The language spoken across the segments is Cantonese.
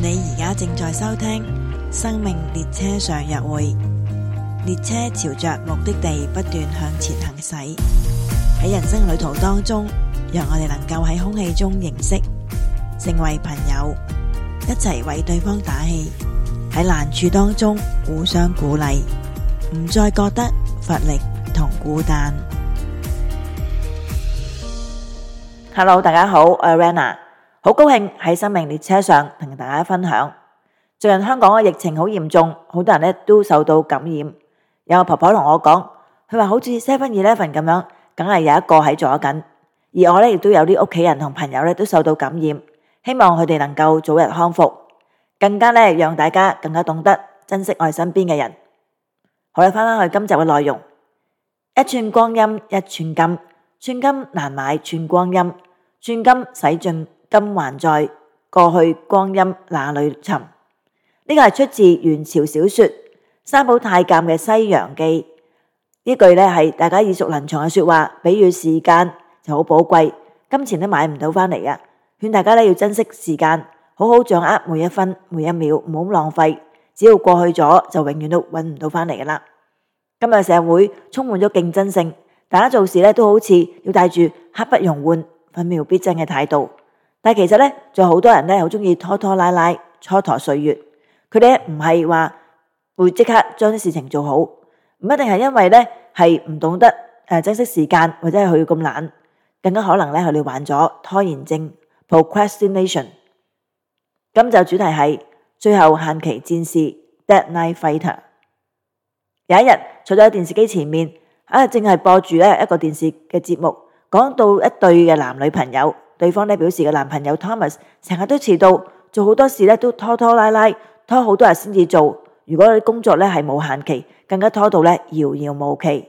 你而家正在收聽《生命列車上約會》，列車朝着目的地不斷向前行駛。喺人生旅途當中，讓我哋能夠喺空氣中認識，成為朋友，一齊為對方打氣。喺難處當中互相鼓勵，唔再覺得乏力同孤單。Hello，大家好，我係 Rana。好高興喺生命列車上同大家分享。最近香港嘅疫情好嚴重，好多人咧都受到感染。有個婆婆同我講，佢話好似 Seven Eleven 咁樣，梗係有一個喺左近。而我咧亦都有啲屋企人同朋友咧都受到感染，希望佢哋能夠早日康復，更加咧讓大家更加懂得珍惜我哋身邊嘅人。好啦，翻翻去今集嘅內容：一寸光陰一寸金，寸金難買寸光陰，寸金使盡。金還在，過去光陰那裡尋？呢個係出自元朝小說《三寶太監嘅西洋記》，呢句呢係大家耳熟能詳嘅說話。比喻時間就好寶貴，金錢都買唔到翻嚟嘅，勸大家呢要珍惜時間，好好掌握每一分每一秒，唔好浪費。只要過去咗，就永遠都搵唔到翻嚟噶啦。今日社會充滿咗競爭性，大家做事呢都好似要帶住刻不容緩、分秒必爭嘅態度。但其實咧，仲有好多人咧，好中意拖拖拉拉、蹉跎歲月。佢哋唔係話會即刻將啲事情做好，唔一定係因為咧係唔懂得誒珍惜時間，或者係佢咁懶，更加可能咧佢哋患咗拖延症 （procrastination）。今集主題係最後限期戰士 （deadline fighter）。有一日坐咗喺電視機前面，啊，正係播住咧一個電視嘅節目，講到一對嘅男女朋友。對方表示嘅男朋友 Thomas 成日都遲到，做好多事都拖拖拉拉，拖好多日先至做。如果佢工作係冇限期，更加拖到遙遙無期。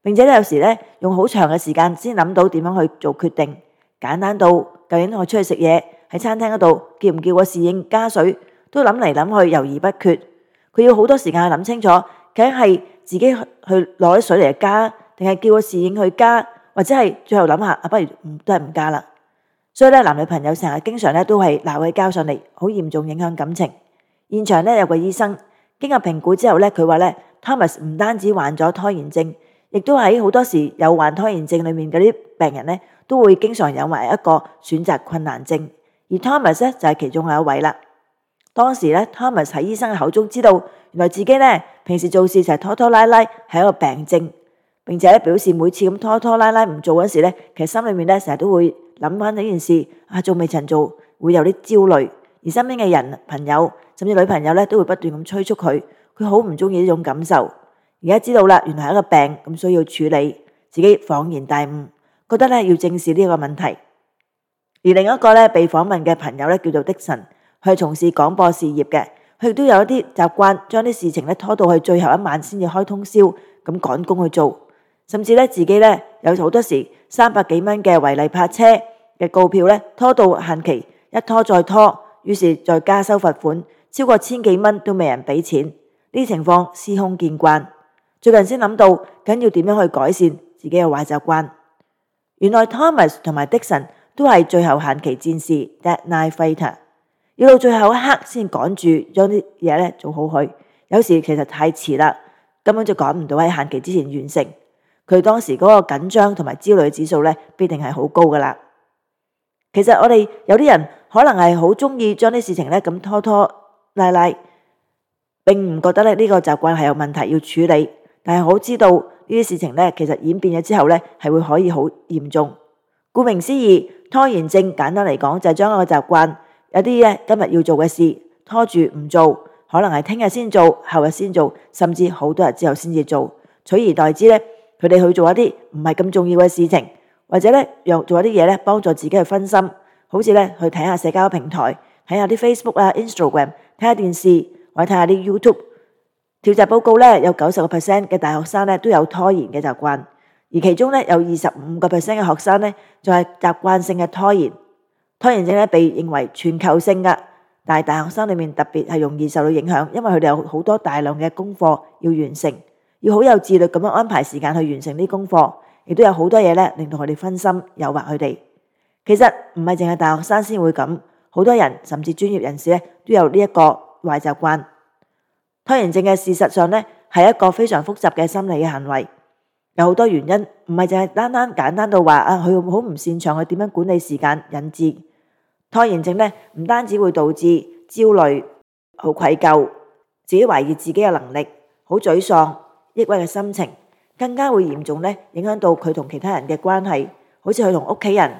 並且有時用好長嘅時間先諗到點樣去做決定，簡單到究竟我出去食嘢喺餐廳嗰度叫唔叫個侍應加水，都諗嚟諗去猶豫不決。佢要好多時間諗清楚，究竟係自己去攞啲水嚟加，定係叫個侍應去加，或者係最後諗下不如不都係唔加啦。所以男女朋友成日經常都鬧佢交上嚟，好嚴重影響感情。現場有個醫生，經過評估之後佢話 Thomas 唔單止患咗拖延症，亦都喺好多時有患拖延症裏面嗰啲病人都會經常有埋一個選擇困難症，而 Thomas 就係其中嘅一位啦。當時 Thomas 喺醫生的口中知道，原來自己平時做事成日拖拖拉拉係一個病症，並且表示每次咁拖拖拉拉唔做嗰時其實心裏面咧成日都會。諗翻呢件事，啊仲未曾做，會有啲焦慮，而身邊嘅人、朋友甚至女朋友咧，都會不斷咁催促佢，佢好唔中意呢種感受。而家知道啦，原來係一個病，咁需要處理，自己恍然大悟，覺得咧要正視呢個問題。而另一個咧被訪問嘅朋友咧叫做 Dickson，佢係從事廣播事業嘅，佢亦都有一啲習慣，將啲事情咧拖到去最後一晚先至開通宵，咁趕工去做。甚至咧，自己咧有好多時三百幾蚊嘅違例泊車嘅告票咧，拖到限期一拖再拖，於是再加收罰款超過千幾蚊都未人俾錢，呢啲情況司空見慣。最近先諗到，緊要點樣去改善自己嘅壞習慣。原來 Thomas 同埋 Dickson 都係最後限期戰士 Deadline Fighter，要到最後一刻先趕住將啲嘢咧做好去。有時其實太遲啦，根本就趕唔到喺限期之前完成。佢當時嗰個緊張同埋焦慮指數咧，必定係好高噶啦。其實我哋有啲人可能係好中意將啲事情咧咁拖拖拉拉，並唔覺得咧呢個習慣係有問題要處理，但係好知道呢啲事情咧，其實演變咗之後咧係會可以好嚴重。顧名思義，拖延症簡單嚟講就係將一個習慣有啲咧今日要做嘅事拖住唔做，可能係聽日先做、後日先做，甚至好多日之後先至做，取而代之咧，佢哋去做一啲唔係咁重要嘅事情，或者咧，用做一啲嘢咧，幫助自己去分心，好似咧去睇下社交平台，睇下啲 Facebook 啊、Instagram，睇下電視，或者睇下啲 YouTube。調查報告咧，有九十個 percent 嘅大學生咧都有拖延嘅習慣，而其中咧有二十五個 percent 嘅學生咧就係習慣性嘅拖延。拖延症咧被認為全球性㗎，但係大學生裡面特別係容易受到影響，因為佢哋有好多大量嘅功課要完成。要好有自律咁樣安排時間去完成啲功課，亦都有好多嘢咧令到佢哋分心、誘惑佢哋。其實唔係淨係大學生先會咁，好多人甚至專業人士咧都有呢一個壞習慣。拖延症嘅事實上咧係一個非常複雜嘅心理嘅行為，有好多原因，唔係淨係單單簡單到話啊，佢好唔擅長去點樣管理時間，引致。拖延症咧，唔單止會導致焦慮、好愧疚、自己懷疑自己嘅能力、好沮喪。抑鬱嘅心情更加會嚴重咧，影響到佢同其他人嘅關係，好似佢同屋企人、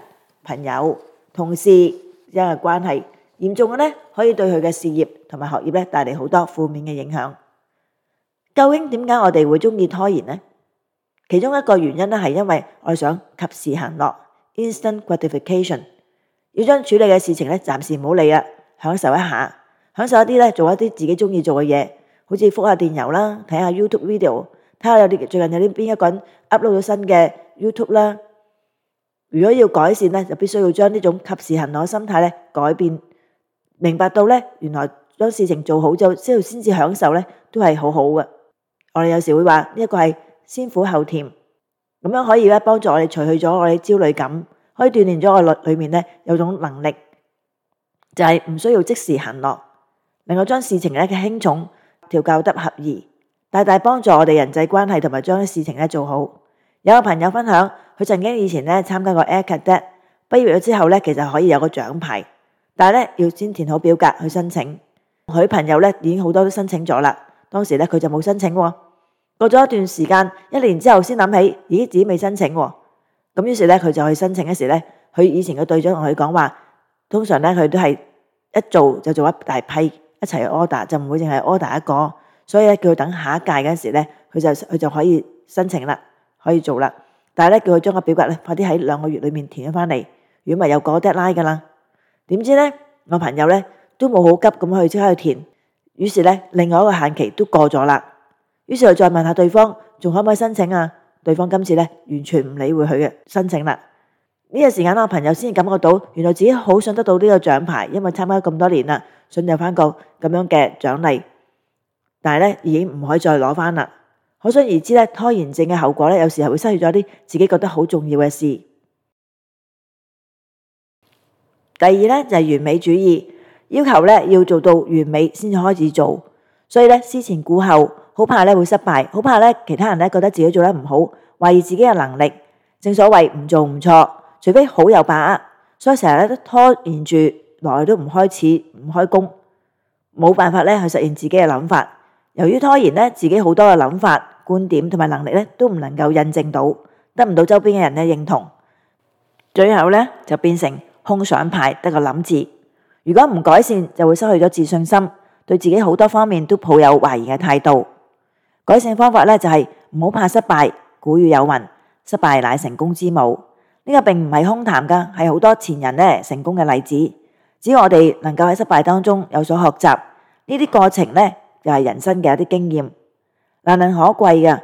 朋友、同事之間嘅關係。嚴重嘅咧，可以對佢嘅事業同埋學業咧，帶嚟好多負面嘅影響。究竟點解我哋會中意拖延咧？其中一個原因咧，係因為我想及時行樂 （instant gratification），要將處理嘅事情咧，暫時唔好理啦，享受一下，享受一啲咧，做一啲自己中意做嘅嘢。好似覆下電郵啦，睇下 YouTube video，睇下有啲最近有啲邊一個人 upload 咗新嘅 YouTube 啦。如果要改善咧，就必須要將呢種及時行樂嘅心態咧改變，明白到咧原來將事情做好咗之後先至享受咧都係好好嘅。我哋有時會話呢一個係先苦後甜，咁樣可以咧幫助我哋除去咗我哋焦慮感，可以鍛煉咗我內裏面咧有種能力，就係唔需要即時行樂，能夠將事情咧嘅輕重。調教得合宜，大大幫助我哋人際關係同埋將事情做好。有個朋友分享，佢曾經以前參加過 Air Cadet，畢業咗之後其實可以有個獎牌，但係要先填好表格去申請。佢朋友已經好多都申請咗喇，當時他佢就冇申請。過咗一段時間，一年之後先諗起，咦，自己未申請。咁於是他佢就去申請嗰時候，佢以前嘅隊長同佢講話，通常他佢都係一做就做一大批。一齊 order 就唔會淨係 order 一個，所以咧叫佢等下一屆嗰陣時咧，佢就佢就可以申請啦，可以做啦。但係咧叫佢將個表格咧快啲喺兩個月裡面填咗翻嚟，如果唔係又過 deadline 㗎啦。點知咧我朋友咧都冇好急咁去即刻去填，於是咧另外一個限期都過咗啦。於是又再問下對方仲可唔可以申請啊？對方今次咧完全唔理會佢嘅申請啦。呢個時間我朋友先感覺到原來自己好想得到呢個獎牌，因為參加咁多年啦。想有翻個咁樣嘅獎勵，但係咧已經唔可以再攞翻啦。可想而知咧，拖延症嘅後果咧，有時候會失去咗啲自己覺得好重要嘅事。第二咧就係完美主義，要求咧要做到完美先至開始做，所以咧思前顧後，好怕咧會失敗，好怕咧其他人咧覺得自己做得唔好，懷疑自己嘅能力。正所謂唔做唔錯，除非好有把握，所以成日咧都拖延住。來都唔開始，唔開工，冇辦法呢去實現自己嘅諗法。由於拖延呢，自己好多嘅諗法、觀點同埋能力呢，都唔能夠印證到，得唔到周邊嘅人嘅認同。最後呢就變成空想派，得個諗字。如果唔改善，就會失去咗自信心，對自己好多方面都抱有懷疑嘅態度。改善方法呢就係唔好怕失敗，古語有云：失敗乃成功之母。呢個並唔係空談噶，係好多前人呢成功嘅例子。只要我哋能夠喺失敗當中有所學習，呢啲過程咧又係人生嘅一啲經驗，難能可貴嘅。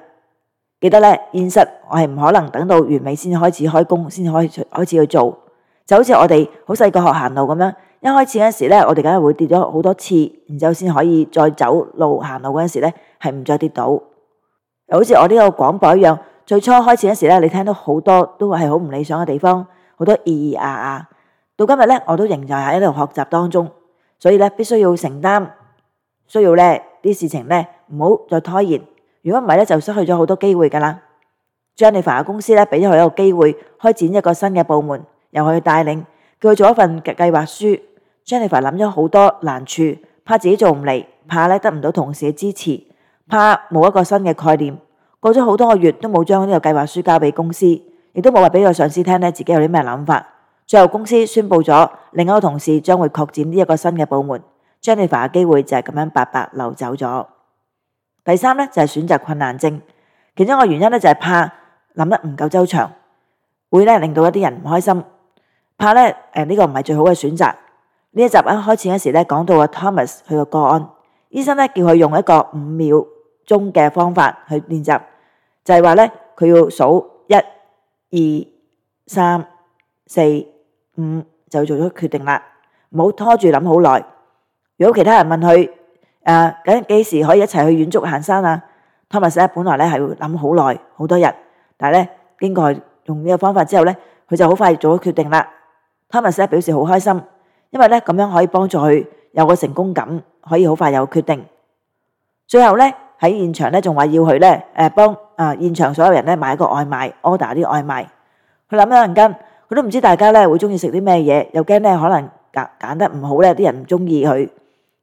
記得咧，現實我係唔可能等到完美先開始開工，先開始開始去做。就好似我哋好細個學行路咁樣，一開始嗰時咧，我哋梗係會跌咗好多次，然之後先可以再走路行路嗰時咧，係唔再跌倒。就好似我呢個廣播一樣，最初開始嗰時咧，你聽到好多都係好唔理想嘅地方，好多咿咿啊啊。到今日咧，我都仍然喺度學習當中，所以咧必須要承擔，需要咧啲事情咧唔好再拖延。如果唔係咧，就失去咗好多機會噶啦。Jennifer 公司咧俾咗佢一個機會，開展一個新嘅部門，由佢去帶領，叫佢做一份計劃書。Jennifer 諗咗好多難處，怕自己做唔嚟，怕咧得唔到同事嘅支持，怕冇一個新嘅概念。過咗好多個月都冇將呢個計劃書交俾公司，亦都冇話俾個上司聽咧，自己有啲咩諗法。最後公司宣布咗，另一個同事將會擴展呢一個新嘅部門，Jennifer 嘅機會就係咁樣白白流走咗。第三呢，就係選擇困難症，其中一個原因呢，就係怕諗得唔夠周詳，會呢令到一啲人唔開心，怕呢誒呢個唔係最好嘅選擇。呢一集一開始嗰時呢，講到阿 Thomas 佢個個案，醫生呢，叫佢用一個五秒鐘嘅方法去練習，就係話呢，佢要數一、二、三、四。嗯，就做咗決定啦，唔好拖住諗好耐。如果其他人問佢，誒，咁幾時可以一齊去遠足行山啊？Thomas 咧本來咧係會諗好耐，好多日，但係咧經過用呢個方法之後咧，佢就好快做咗決定啦。Thomas 咧表示好開心，因為咧咁樣可以幫助佢有個成功感，可以好快有決定。最後咧喺現場咧仲話要佢咧，誒，幫啊現場所有人咧買個外賣，order 啲外賣。佢諗咗一陣間。我都唔知大家咧會中意食啲咩嘢？又驚咧可能揀揀得唔好咧，啲人唔中意佢，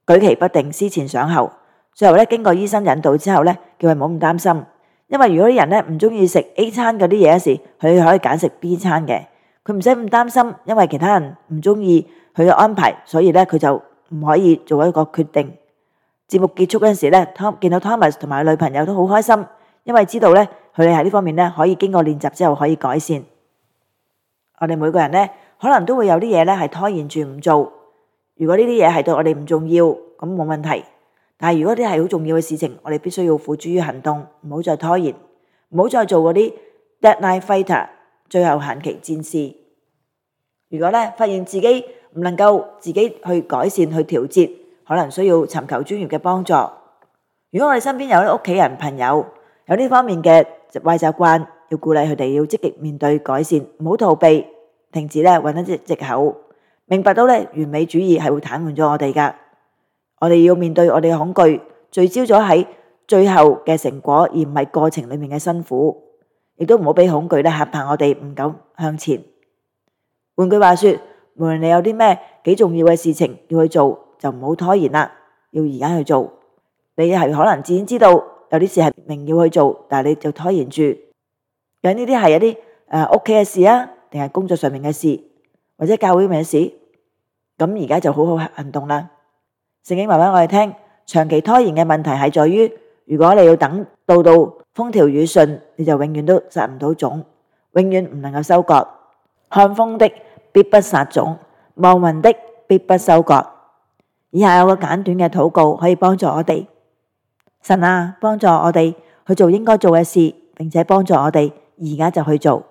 舉棋不定思前想後。最後咧經過醫生引導之後咧，叫佢冇咁擔心，因為如果啲人咧唔中意食 A 餐嗰啲嘢時，佢可以揀食 B 餐嘅，佢唔使咁擔心，因為其他人唔中意佢嘅安排，所以咧佢就唔可以做一個決定。節目結束嗰陣時咧，湯見到 Thomas 同埋女朋友都好開心，因為知道咧佢哋喺呢方面咧可以經過練習之後可以改善。我哋每個人咧，可能都會有啲嘢咧係拖延住唔做。如果呢啲嘢係對我哋唔重要，咁冇問題。但係如果啲係好重要嘅事情，我哋必須要付諸於行動，唔好再拖延，唔好再做嗰啲 deadline fighter，最後限期戰士。如果咧發現自己唔能夠自己去改善、去調節，可能需要尋求專業嘅幫助。如果我哋身邊有啲屋企人、朋友有呢方面嘅壞習慣。要鼓勵佢哋要積極面對改善，唔好逃避，停止呢揾一啲藉口，明白到呢完美主義係會癱瘓咗我哋噶。我哋要面對我哋嘅恐懼，聚焦咗喺最後嘅成果，而唔係過程裏面嘅辛苦，亦都唔好俾恐懼呢吓怕我哋唔敢向前。換句話說，無論你有啲咩幾重要嘅事情要去做，就唔好拖延啦，要而家去做。你係可能自然知道有啲事係明要去做，但係你就拖延住。有呢啲係一啲誒屋企嘅事啊，定係工作上面嘅事，或者教會嘅事，咁而家就好好行動啦。聖經話俾我哋聽，長期拖延嘅問題係在於，如果你要等到到風調雨順，你就永遠都撒唔到種，永遠唔能夠收割。看風的必不撒種，望雲的必不收割。以下有個簡短嘅禱告可以幫助我哋，神啊，幫助我哋去做應該做嘅事，並且幫助我哋。而家就去做，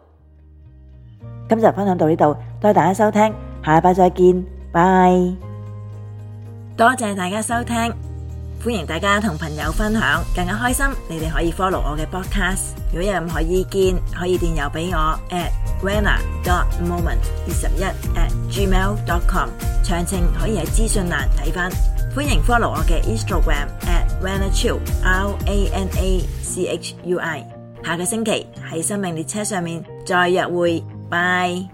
今日分享到呢度，多謝大家收聽，下禮拜再見，拜，多謝大家收聽，歡迎大家同朋友分享，更加開心。你哋可以 follow 我嘅 podcast，如果有任何意見，可以電郵俾我 at wenna dot moment 二十一 at gmail dot com，詳情可以喺資訊欄睇翻。歡迎 follow 我嘅 Instagram at wenna chiu r a n a c h u i。下個星期喺生命列車上面再約會，拜。